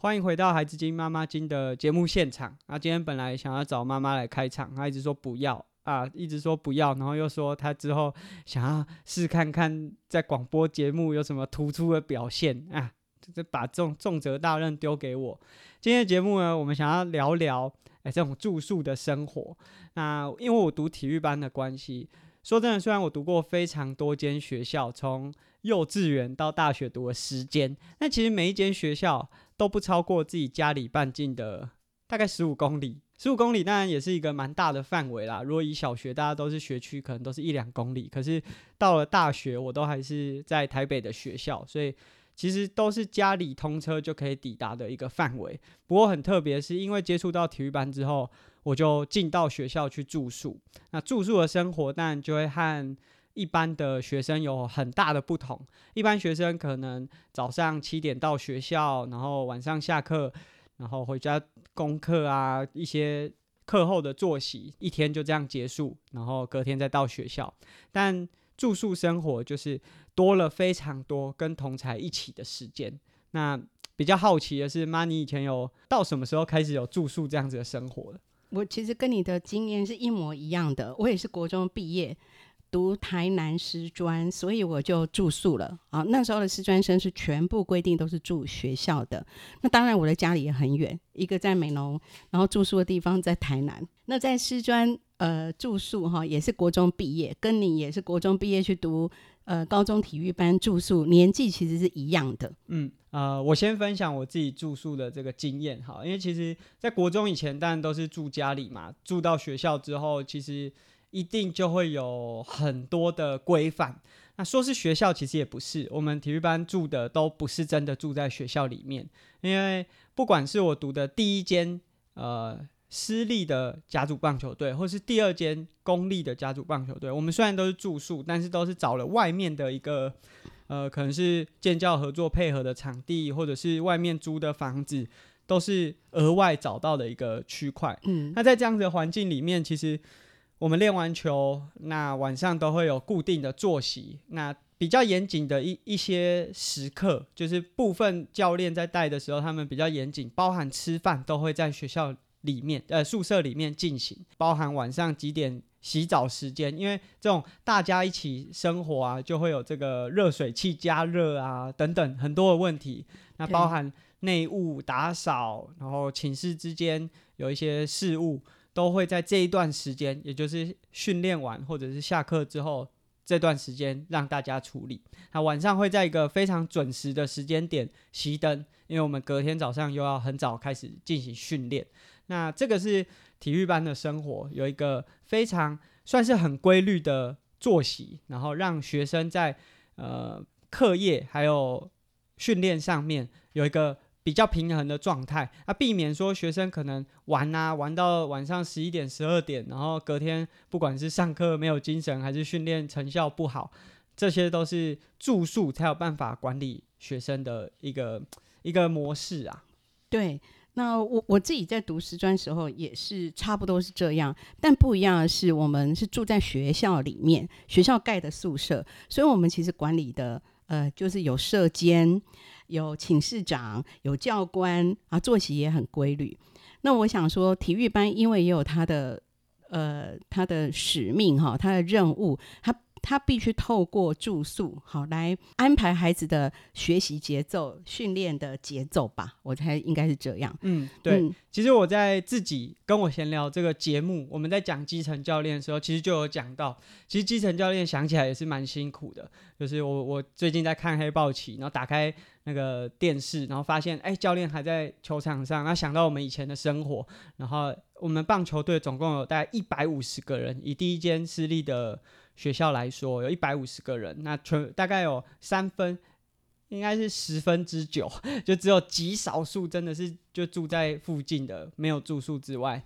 歡迎回到《孩子經》《媽媽經》的節目現場。啊，今天本來想要找媽媽來開場，她一直說不要啊，一直說不要，然後又說她之後想要試看看在廣播節目有什麼突出的表現啊，就是把重重責大任丟給我。今天的節目呢，我們想要聊聊哎這種住宿的生活。那因為我讀體育班的關係，說真的，雖然我讀過非常多間學校，從幼稚園到大學讀的時間，那其實每一間學校都不超過自己家裡半徑的大概十五公里。十五公里當然也是一個蠻大的範圍啦。如果以小學，大家都是學區，可能都是一兩公里。可是到了大學，我都還是在台北的學校，所以其實都是家裡通車就可以抵達的一個範圍。不過很特別，是因為接觸到體育班之後，我就進到學校去住宿。那住宿的生活，當然就會和一般的學生有很大的不同。一般學生可能早上七點到學校，然後晚上下課，然後回家功課啊，一些課後的作息，一天就這樣結束，然後隔天再到學校。但住宿生活就是多了非常多跟同儕一起的時間。那比較好奇的是，媽，你以前有到什麼時候開始有住宿這樣子的生活？我其實跟你的經驗是一模一樣的，我也是國中畢業。讀台南師專，所以我就住宿了啊。那時候的師專生是全部規定都是住學校的。那當然，我的家裡也很遠，一個在美濃，然後住宿的地方在台南。那在師專呃住宿哈，也是國中畢業，跟你也是國中畢業去讀呃高中體育班住宿，年紀其實是一樣的。嗯，呃，我先分享我自己住宿的這個經驗哈，因為其實，在國中以前當然都是住家裡嘛，住到學校之後，其實。一定就會有很多的規範。那說是學校，其實也不是。我們體育班住的都不是真的住在學校裡面，因為不管是我讀的第一間呃私立的甲組棒球隊，或是第二間公立的甲組棒球隊，我們雖然都是住宿，但是都是找了外面的一個呃可能是建教合作配合的場地，或者是外面租的房子，都是額外找到的一個區塊。嗯，那在這樣子的環境裡面，其實。我們練完球，那晚上都會有固定的作息。那比較嚴謹的一一些時刻，就是部分教練在帶的時候，他們比較嚴謹，包含吃飯都會在學校裡面，呃，宿舍裡面進行。包含晚上幾點洗澡時間，因為這種大家一起生活啊，就會有這個熱水器加熱啊等等很多的問題。那包含內務打掃，然後寢室之間有一些事務，都會在這一段時間，也就是訓練完或者是下課之後這段時間，讓大家處理。那晚上會在一個非常準時的時間點熄燈，因為我們隔天早上又要很早開始進行訓練。那這個是體育班的生活，有一個非常算是很規律的作息，然後讓學生在呃課業還有訓練上面有一個。比較平衡的狀態，啊，避免說學生可能玩啊，玩到晚上十一點、十二點，然後隔天不管是上課沒有精神，還是訓練成效不好，這些都是住宿才有辦法管理學生的一個一個模式啊。對，那我我自己在讀師專時候也是差不多是這樣，但不一樣的是，我們是住在學校裡面，學校蓋的宿舍，所以我們其實管理的。呃，就是有舍監，有寢室長，有教官啊，作息也很規律。那我想說，體育班因為也有他的呃他的使命哈，他的任務他。他必須透過住宿好來安排孩子的學習節奏、訓練的節奏吧，我猜應該是這樣。嗯，對。嗯、其實我在自己跟我閒聊這個節目，我們在講基層教練的時候，其實就有講到，其實基層教練想起來也是蠻辛苦的。就是我我最近在看黑豹旗，然後打開那個電視，然後發現哎、欸，教練還在球場上。然後想到我們以前的生活，然後我們棒球隊總共有大概一百五十個人，以第一間私立的學校來說，有一百五十個人，那全大概有三分，應該是十分之九，就只有極少數真的是就住在附近的，沒有住宿之外，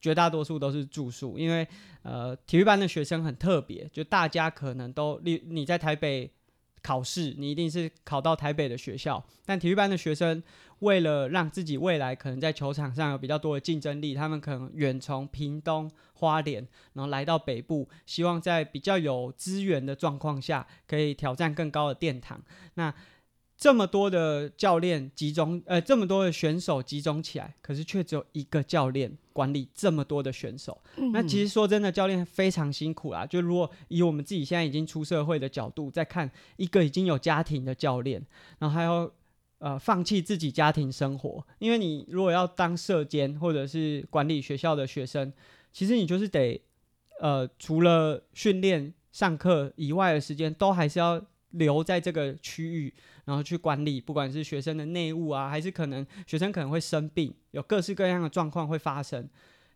絕大多數都是住宿。因為呃，體育班的學生很特別，就大家可能都，你你在台北，考試你一定是考到台北的學校，但體育班的學生為了讓自己未來可能在球場上有比較多的競爭力，他們可能遠從屏東、花蓮，然後來到北部，希望在比較有資源的狀況下，可以挑戰更高的殿堂。那這麼多的教練集中，呃，這麼多的選手集中起來，可是卻只有一個教練管理這麼多的選手。嗯嗯，那其實說真的，教練非常辛苦啦。就如果以我們自己現在已經出社會的角度，在看一個已經有家庭的教練，然後還要呃放棄自己家庭生活，因為你如果要當舍監或者是管理學校的學生，其實你就是得呃除了訓練、上課以外的時間，都還是要留在這個區域，然後去管理，不管是學生的內務啊，還是可能學生可能會生病，有各式各樣的狀況會發生。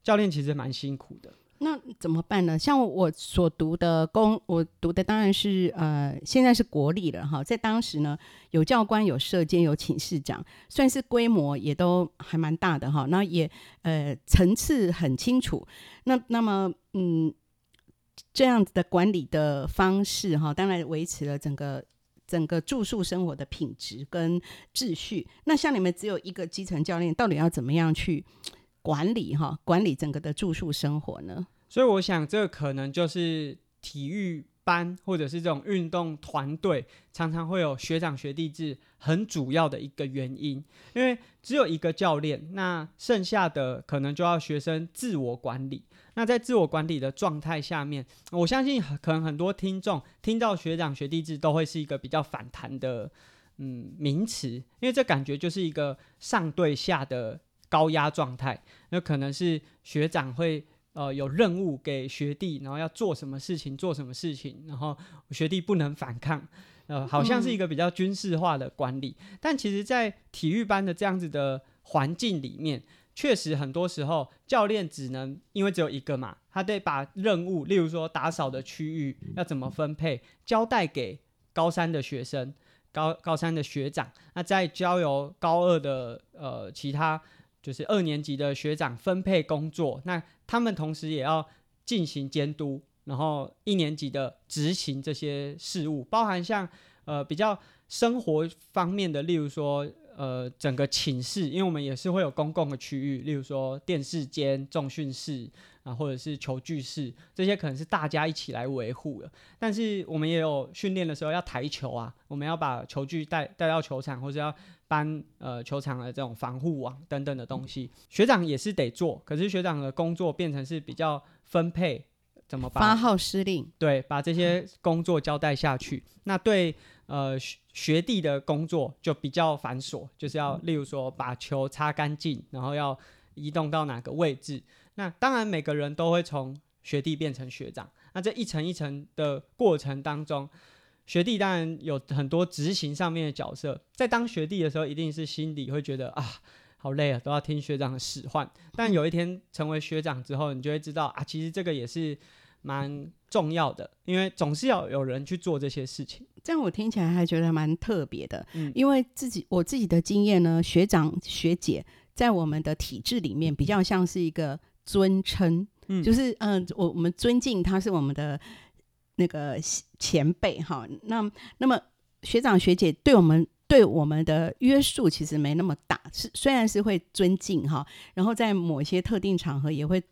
教練其實蠻辛苦的，那怎麼辦呢？像我所讀的公，我讀的當然是呃，現在是國立了哈。在當時呢，有教官，有舍監，有寢室長，算是規模也都還蠻大的哈。那也呃層次很清楚。那那麼嗯。這樣子的管理的方式哈，當然維持了整個整個住宿生活的品質跟秩序。那像你們只有一個基層教練，到底要怎麼樣去管理哈？管理整個的住宿生活呢？所以我想這可能就是體育。班或者是這種運動團隊，常常會有學長學弟制，很主要的一個原因，因為只有一個教練，那剩下的可能就要學生自我管理。那在自我管理的狀態下面，我相信可能很多聽眾聽到學長學弟制都會是一個比較反彈的嗯名詞，因為這感覺就是一個上對下的高壓狀態，那可能是學長會。呃，有任務給學弟，然後要做什麼事情，做什麼事情，然後學弟不能反抗，呃，好像是一個比較軍事化的管理。嗯、但其實，在體育班的這樣子的環境裡面，確實很多時候教練只能因為只有一個嘛，他得把任務，例如說打掃的區域要怎麼分配，交代給高三的學生、高高三的學長，那再交由高二的呃其他。就是二年級的學長分配工作，那他們同時也要進行監督，然後一年級的執行這些事務，包含像呃比較生活方面的，例如說呃整個寢室，因為我們也是會有公共的區域，例如說電視間、重訓室啊，或者是球具室，這些可能是大家一起來維護的。但是我們也有訓練的時候要抬球啊，我們要把球具帶帶到球場，或者要。搬呃球場的這種防護網等等的東西，嗯、學長也是得做，可是學長的工作變成是比較分配，怎麼發號施令？對，把這些工作交代下去。嗯、那對呃學弟的工作就比較繁瑣，就是要例如說把球擦乾淨，然後要移動到哪個位置。那當然每個人都會從學弟變成學長，那這一層一層的過程當中。學弟當然有很多執行上面的角色，在當學弟的時候，一定是心裡會覺得啊，好累啊，都要聽學長的使喚。但有一天成為學長之後，你就會知道啊，其實這個也是蠻重要的，因為總是要有人去做這些事情。這樣我聽起來還覺得蠻特別的，嗯，因為自己，我自己的經驗呢，學長學姐在我們的體制裡面比較像是一個尊稱，嗯，就是嗯，我，呃，我們尊敬他是我們的那個前輩哈，那那麼學長學姐對我們、對我們的約束其實沒那麼大，是雖然是會尊敬哈，然後在某些特定場合也會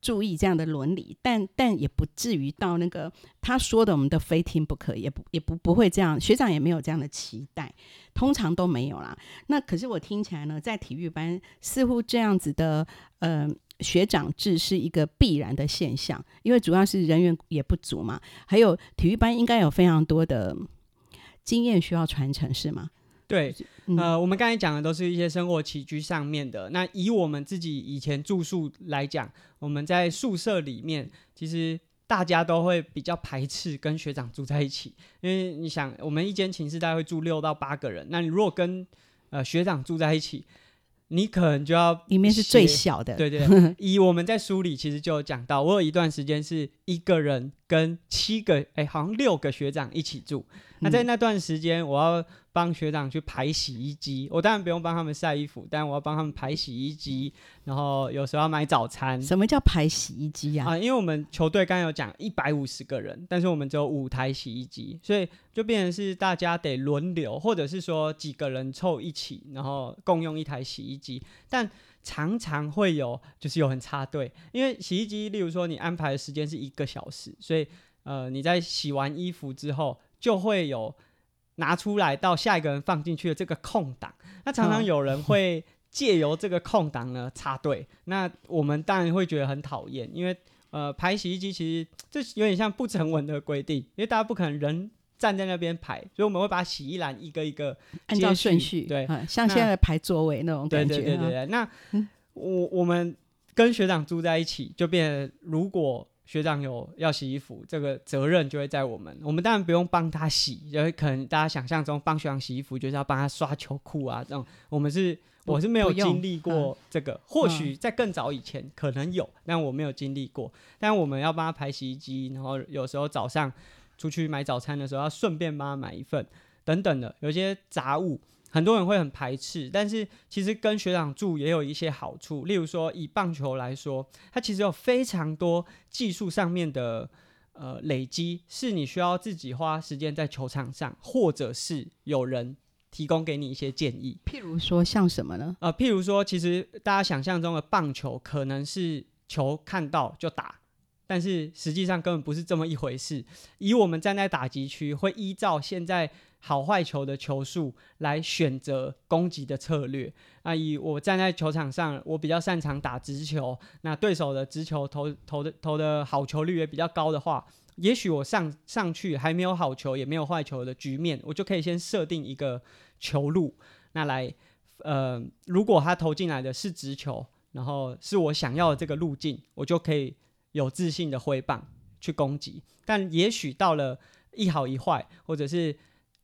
注意這樣的倫理，但但也不至於到那個他說的我們的非聽不可，也不也不不會這樣，學長也沒有這樣的期待，通常都沒有啦。那可是我聽起來呢，在體育班似乎這樣子的，嗯、呃。學長制是一個必然的現象，因為主要是人員也不足嘛。還有體育班應該有非常多的經驗需要傳承，是嗎？對，嗯、呃，我們剛才講的都是一些生活起居上面的。那以我們自己以前住宿來講，我們在宿舍裡面，其實大家都會比較排斥跟學長住在一起，因為你想，我們一間寢室大概會住六到八個人，那你如果跟呃學長住在一起，你可能就要裡面是最小的，對，對對。 以我們在書裡其實就有講到，我有一段時間是。一個人跟七個哎、欸，好像六個學長一起住。那在那段時間，我要幫學長去排洗衣機。嗯。我當然不用幫他們曬衣服，但我要幫他們排洗衣機。然後有時候要買早餐。什麼叫排洗衣機呀、啊？啊，因為我們球隊剛剛有講一百五十個人，但是我們只有五台洗衣機，所以就變成是大家得輪流，或者是說幾個人湊一起，然後共用一台洗衣機。但常常會有，就是有人插隊，因為洗衣機，例如說你安排的時間是一個小時，所以呃，你在洗完衣服之後，就會有拿出來到下一個人放進去的這個空檔，那常常有人會借由這個空檔呢插隊，那我們當然會覺得很討厭，因為呃排洗衣機其實這有點像不成文的規定，因為大家不可能人。站在那邊排，所以我們會把洗衣籃一個一個按照順序，對、嗯，像現在的排座位那，那種感覺。對對對，對，對後那、嗯、我我們跟學長住在一起，就變成如果學長有要洗衣服，這個責任就會在我們。我們當然不用幫他洗，因為可能大家想象中幫學長洗衣服就是要幫他刷球褲啊這種。我們是不我是沒有用經歷過這個，嗯、或許在更早以前可能有，但我沒有經歷過。嗯、但我們要幫他排洗衣機，然後有時候早上。出去買早餐的時候，要順便幫他買一份，等等的，有些雜物，很多人會很排斥。但是其實跟學長住也有一些好處，例如說以棒球來說，它其實有非常多技術上面的呃累積，是你需要自己花時間在球場上，或者是有人提供給你一些建議。譬如說像什麼呢？呃，譬如說其實大家想象中的棒球可能是球看到就打。但是實際上根本不是這麼一回事。以我們站在打擊區，會依照現在好壞球的球數來選擇攻擊的策略。那以我站在球場上，我比較擅長打直球。那對手的直球投投的投的好球率也比較高的話，也許我上上去還沒有好球也沒有壞球的局面，我就可以先設定一個球路，那來嗯、呃，如果他投進來的是直球，然後是我想要的這個路徑，我就可以。有自信的揮棒去攻擊，但也許到了一好一壞，或者是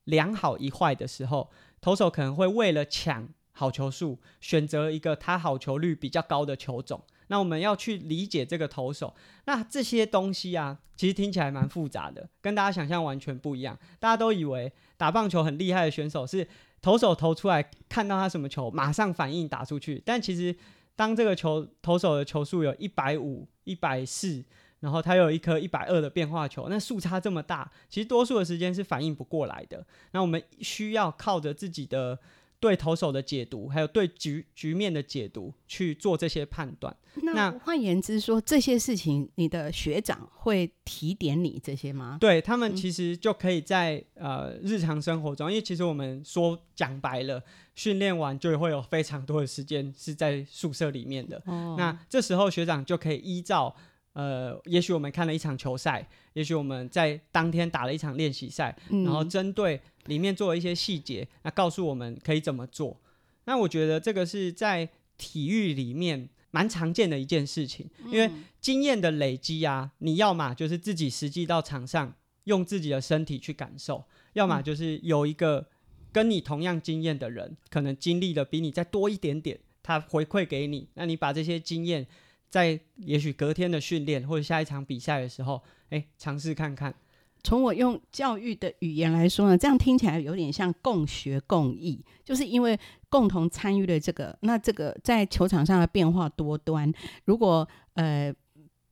兩好一壞的時候，投手可能會為了搶好球數，選擇一個他好球率比較高的球種。那我們要去理解這個投手，那這些東西啊，其實聽起來蠻複雜的，跟大家想象完全不一樣。大家都以為打棒球很厲害的選手是投手投出來，看到他什麼球，馬上反應打出去，但其實。當這個球投手的球速有150、140，然後他有一顆120的變化球，那速差這麼大，其實多數的時間是反應不過來的。那我們需要靠着自己的。對投手的解讀，還有對局局面的解讀，去做這些判斷。那換那言之說，這些事情你的學長會提點你這些嗎？對他們其實就可以在、嗯、呃日常生活中，因為其實我們說講白了，訓練完就會有非常多的時間是在宿舍裡面的。哦、那這時候學長就可以依照。呃，也許我們看了一場球賽，也許我們在當天打了一場練習賽，嗯、然後針對裡面做了一些細節，那、啊、告訴我們可以怎麼做。那我覺得這個是在體育裡面蠻常見的一件事情，因為經驗的累積啊，你要嘛就是自己實際到場上用自己的身體去感受，要麼就是有一個跟你同樣經驗的人，嗯、可能經歷的比你再多一點點，他回饋給你，那你把這些經驗。在也許隔天的訓練或者下一場比賽的時候，誒、欸，嘗試看看。從我用教育的語言來說呢，這樣聽起來有點像共學共益，就是因為共同參與了這個。那這個在球場上的變化多端，如果呃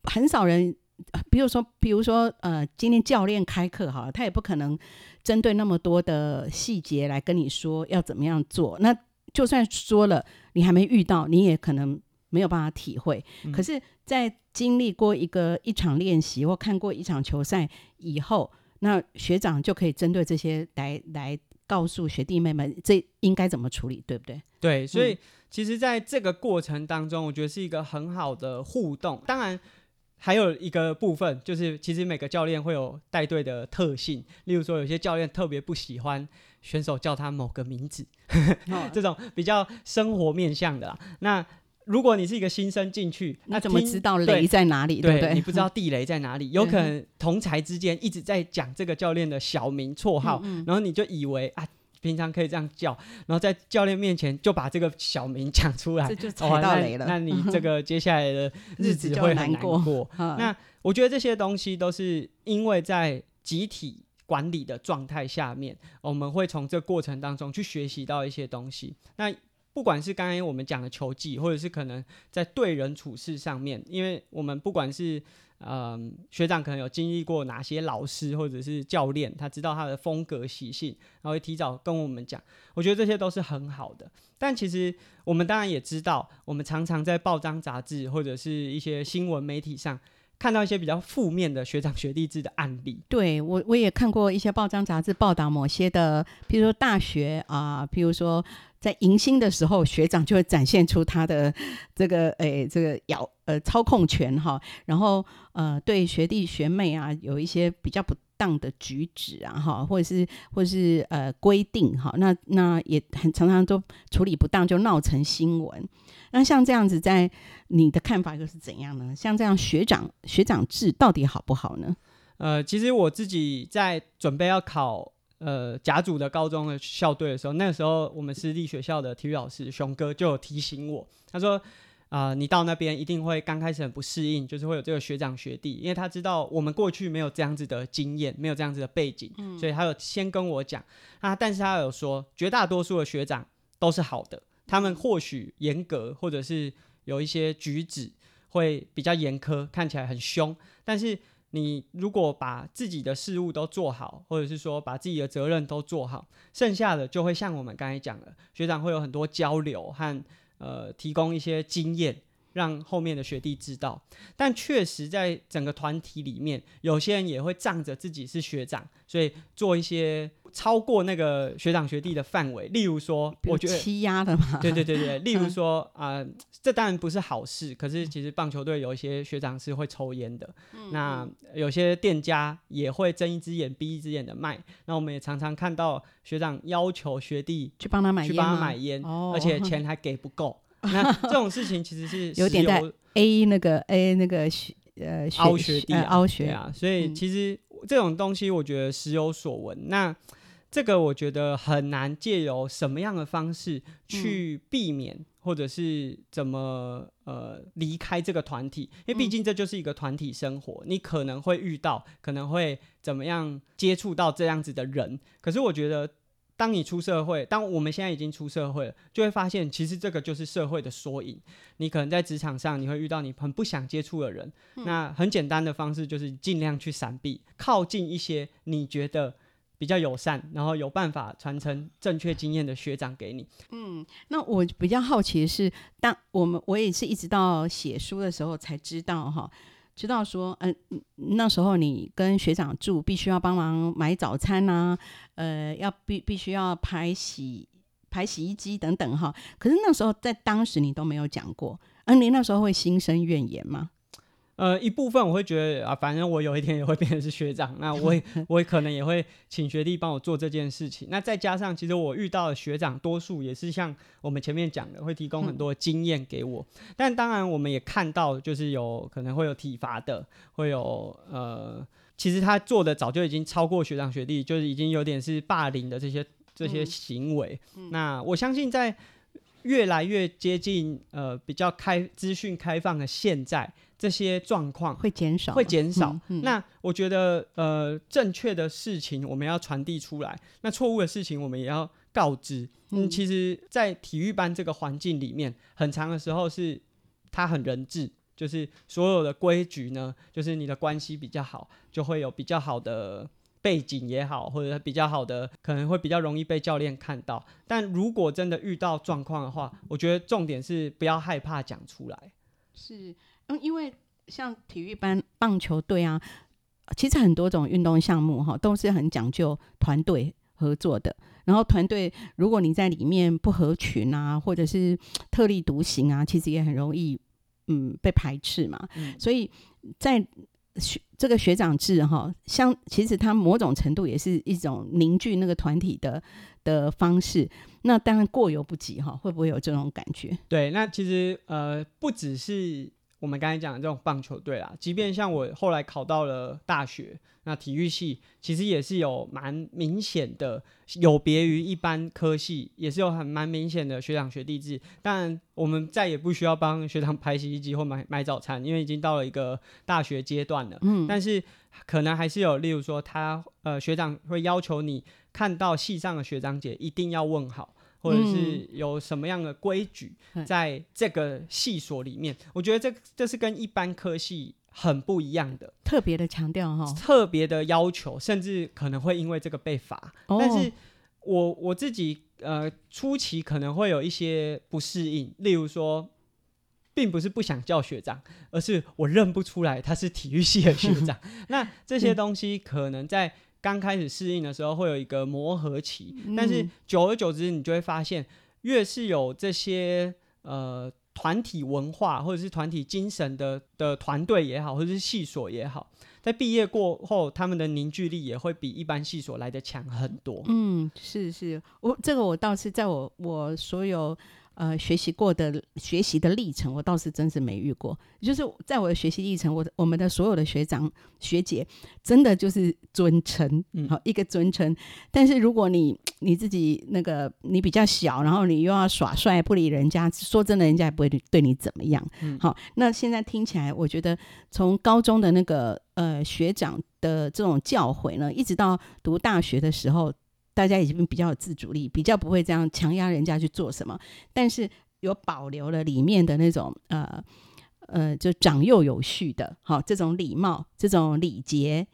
很少人，比如說，比如說呃，今天教練開課哈，他也不可能針對那麼多的細節來跟你說要怎麼樣做。那就算說了，你還沒遇到，你也可能。沒有辦法體會，可是，在經歷過一個一場練習或看過一場球賽以後，那學長就可以針對這些來來告訴學弟妹們，這應該怎麼處理，對不對？對，所以其實在這個過程當中，我覺得是一個很好的互動。當然，還有一個部分就是，其實每個教練會有帶隊的特性，例如說，有些教練特別不喜歡選手叫他某個名字，呵呵哦、這種比較生活面向的啦那。如果你是一個新生進去，那怎麼知道雷在哪裡？哪裡，對，對不對？對，你不知道地雷在哪裡，有可能同儕之間一直在講這個教練的小名綽號，嗯嗯。然後你就以為啊，平常可以這樣叫，然後在教練面前就把這個小名講出來，這就踩到雷了。哦，那，那你這個接下來的日子會很難過。難過。嗯。那我覺得這些東西都是因為在集體管理的狀態下面，我們會從這個過程當中去學習到一些東西。那不管是剛才我們講的球技，或者是可能在對人處事上面，因為我們不管是嗯、呃、學長可能有經歷過哪些老師或者是教練，他知道他的風格習性，然後提早跟我們講，我覺得這些都是很好的。但其實我們當然也知道，我們常常在報章雜誌或者是一些新聞媒體上。看到一些比較負面的學長學弟制的案例，對，我我也看過一些報章雜志報道某些的，譬如說大學啊，譬如說在迎新的時候，學長就會展現出他的這個誒、欸、這個遙呃操控權哈，然後。呃，對學弟學妹啊，有一些比較不當的舉止啊，哈，或者是或者是呃規定哈，那那也很常常都處理不當，就鬧成新聞。那像這樣子，在你的看法又是怎樣呢？像這樣學長學長制到底好不好呢？呃，其實我自己在準備要考呃甲組的高中的校隊的時候，那個時候我們私立學校的體育老師熊哥就有提醒我，他說。啊、呃，你到那邊一定會剛開始很不適應，就是會有這個學長學弟，因為他知道我們過去沒有這樣子的經驗，沒有這樣子的背景，嗯、所以他有先跟我講啊。但是他有說，絕大多數的學長都是好的，他們或許嚴格，或者是有一些舉止會比較嚴苛，看起來很兇。但是你如果把自己的事物都做好，或者是說把自己的責任都做好，剩下的就會像我們剛才講的，學長會有很多交流和。呃，提供一些經驗。讓後面的學弟知道，但確實在整個團體裡面，有些人也會仗着自己是學長，所以做一些超過那個學長學弟的範圍。例如說，如說我覺得欺壓的嘛。對對對對，例如說啊、嗯呃，這當然不是好事。可是其實棒球隊有一些學長是會抽煙的，嗯、那有些店家也會睜一隻眼閉一隻眼的賣。那我們也常常看到學長要求學弟去幫他買，去幫他買煙，哦、而且錢還給不夠。 那這種事情其實是實有， 有點在 A 那個 A 那個學呃凹學弟凹學對啊，所以其實這種東西我覺得時有所聞。嗯、那這個我覺得很難借由什麼樣的方式去避免，或者是怎麼呃離開這個團體，嗯、因為畢竟這就是一個團體生活，嗯、你可能會遇到，可能會怎麼樣接觸到這樣子的人。可是我覺得。當你出社會，當我們現在已經出社會了，就會發現其實這個就是社會的縮影。你可能在職場上，你會遇到你很不想接觸的人，嗯、那很簡單的方式就是盡量去閃避，靠近一些你覺得比較友善，然後有辦法傳承正確經驗的學長給你。嗯，那我比較好奇的是，當我們我也是一直到寫書的時候才知道哈。知道說，嗯、呃，那時候你跟學長住，必須要幫忙買早餐吶、啊，呃，要必必須要排洗排洗衣機等等哈。可是那時候在當時你都沒有講過，嗯、啊，你那時候會心生怨言嗎？呃，一部分我會覺得啊，反正我有一天也會變成是學長，那我我可能也會請學弟幫我做這件事情。 那再加上，其實我遇到的學長多數也是像我們前面講的，會提供很多經驗給我。但當然，我們也看到，就是有可能會有體罰的，會有呃，其實他做的早就已經超過學長學弟，就是已經有點是霸凌的這些這些行為。嗯嗯，那我相信，在越來越接近呃比較開資訊開放的現在，這些狀況會減少，會減少。嗯嗯、那我覺得，呃，正確的事情我們要傳遞出來，那錯誤的事情我們也要告知。嗯，嗯，其實，在體育班這個環境裡面，很長的時候是它很人治，就是所有的規矩呢，就是你的關係比較好，就會有比較好的背景也好，或者比較好的，可能會比較容易被教練看到。但如果真的遇到狀況的話，我覺得重點是不要害怕講出來。是。嗯，因為像體育班、棒球隊啊，其實很多種運動項目哈、哦，都是很講究團隊合作的。然後團隊，如果你在裡面不合群啊，或者是特立獨行啊，其實也很容易，嗯，被排斥嘛。嗯，所以，在學這個學長制哈、哦，像其實他某種程度也是一種凝聚那個團體的的方式。那當然過猶不及哈、哦，會不會有這種感覺？對，那其實呃，不只是。我們剛才講的這種棒球隊啦，即便像我後來考到了大學，那體育系其實也是有蠻明顯的，有別於一般科系，也是有很蠻明顯的學長學弟制。但我們再也不需要幫學長排洗衣機或買買早餐，因為已經到了一個大學階段了。嗯，但是可能還是有，例如說他呃學長會要求你看到系上的學長姐一定要問好。或者是有什麼樣的規矩在這個系所裡面，我覺得這這是跟一般科系很不一樣的，特別的強調哈，特別的要求，甚至可能會因為這個被罰。但是我，我我自己呃初期可能會有一些不適應，例如說，並不是不想叫學長，而是我認不出來他是體育系的學長。 那這些東西可能在。剛開始適應的時候會有一個磨合期，但是久而久之，你就會發現，嗯、越是有這些呃團體文化或者是團體精神的的團隊也好，或者是系所也好，在畢業過後，他們的凝聚力也會比一般系所來得強很多。嗯，是是，我這個我倒是在我我所有，呃，學習過的學習的歷程，我倒是真是沒遇過。就是在我的學習歷程，我我們的所有的學長學姐，真的就是尊稱，嗯，好一個尊稱。嗯、但是如果你你自己那個你比較小，然後你又要耍帥不理人家，說真的，人家也不會對你怎麼樣。好、嗯哦，那現在聽起來，我覺得從高中的那個呃學長的這種教誨呢，一直到讀大學的時候。大家已經比較有自主力，比較不會這樣強壓人家去做什麼，但是有保留了裡面的那種呃呃，就長幼有序的，好，這種禮貌、這種禮節、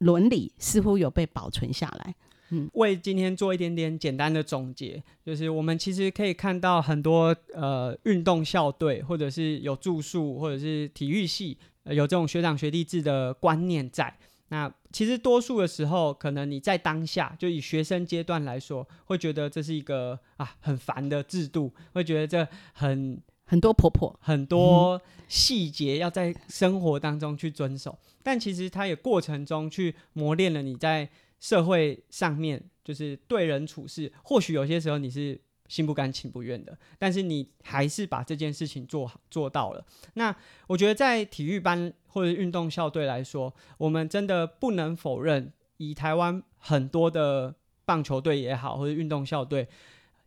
倫理似乎有被保存下來。嗯，為今天做一點點簡單的總結，就是我們其實可以看到很多呃，運動校隊或者是有住宿或者是體育系、呃、有這種學長學弟制的觀念在那。其實多數的時候，可能你在當下，就以學生階段來說，會覺得這是一個啊很煩的制度，會覺得這很很多婆婆，很多細節要在生活當中去遵守。嗯、哼但其實它也過程中去磨練了你在社會上面，就是對人處事。或許有些時候你是。心不甘情不願的，但是你還是把這件事情做好做到了。那我覺得，在體育班或者運動校隊來說，我們真的不能否認，以台灣很多的棒球隊也好，或者運動校隊，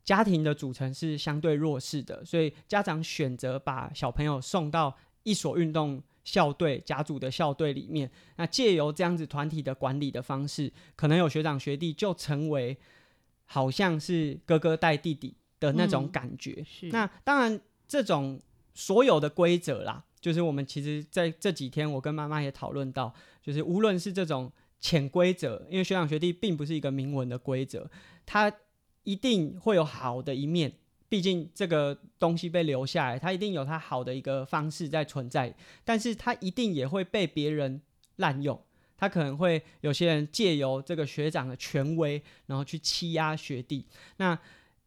家庭的組成是相對弱勢的，所以家長選擇把小朋友送到一所運動校隊、甲組的校隊裡面，那借由這樣子團體的管理的方式，可能有學長學弟就成為。好像是哥哥帶弟弟的那種感覺。嗯、是。那當然，這種所有的規則啦，就是我們其實在這幾天，我跟媽媽也討論到，就是無論是這種潛規則，因為學長學弟並不是一個明文的規則，它一定會有好的一面。畢竟這個東西被留下來，它一定有它好的一個方式在存在，但是它一定也會被別人濫用。他可能會有些人借由這個學長的權威，然後去欺壓學弟。那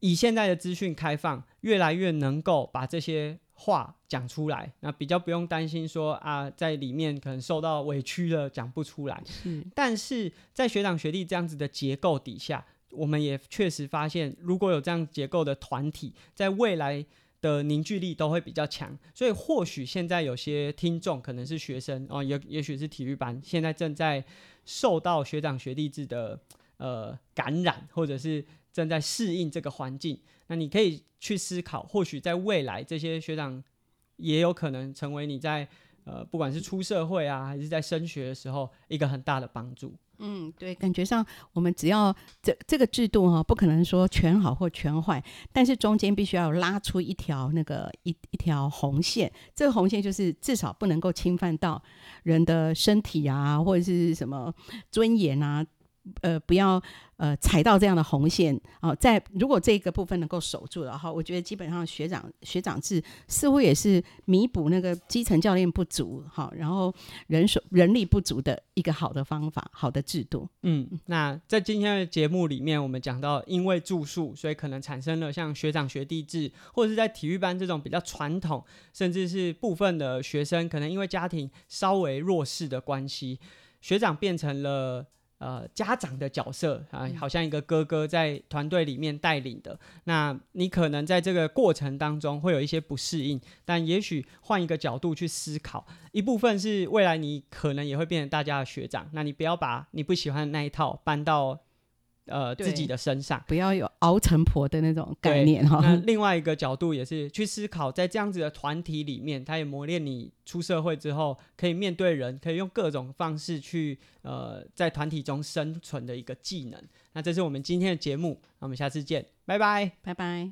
以現在的資訊開放，越來越能夠把這些話講出來，那比較不用擔心說啊，在裡面可能受到委屈了，講不出來。是，但是在學長學弟這樣子的結構底下，我們也確實發現，如果有這樣結構的團體，在未來。的凝聚力都會比較強，所以或許現在有些聽眾可能是學生啊、哦，也也許是體育班，現在正在受到學長學弟制的呃感染，或者是正在適應這個環境。那你可以去思考，或許在未來這些學長也有可能成為你在。呃，不管是出社會啊，還是在升學的時候，一個很大的幫助。嗯，對，感覺上我們只要這這個制度哈啊，不可能說全好或全壞，但是中間必須要拉出一條那個一一條紅線，這個紅線就是至少不能夠侵犯到人的身體啊，或者是什麼尊嚴啊。呃，不要呃踩到這樣的紅線好、哦，在如果這個部分能夠守住的話，我覺得基本上學長學長制似乎也是彌補那個基層教練不足，好、哦，然後人手人力不足的一個好的方法，好的制度。嗯，那在今天的節目裡面，我們講到因為住宿，所以可能產生了像學長學弟制，或者是在體育班這種比較傳統，甚至是部分的學生可能因為家庭稍微弱勢的關係，學長變成了。呃，學長的角色啊，好像一個哥哥在團隊裡面帶領的。那你可能在這個過程當中會有一些不適應，但也許換一個角度去思考，一部分是未來你可能也會變成大家的學長，那你不要把你不喜歡的那一套搬到。呃，對自己的身上不要有熬成婆的那種概念哈、哦。那另外一個角度也是去思考，在這樣子的團體裡面，他也磨練你出社會之後可以面對人，可以用各種方式去呃在團體中生存的一個技能。那這是我們今天的節目，那我們下次見，拜拜，拜拜。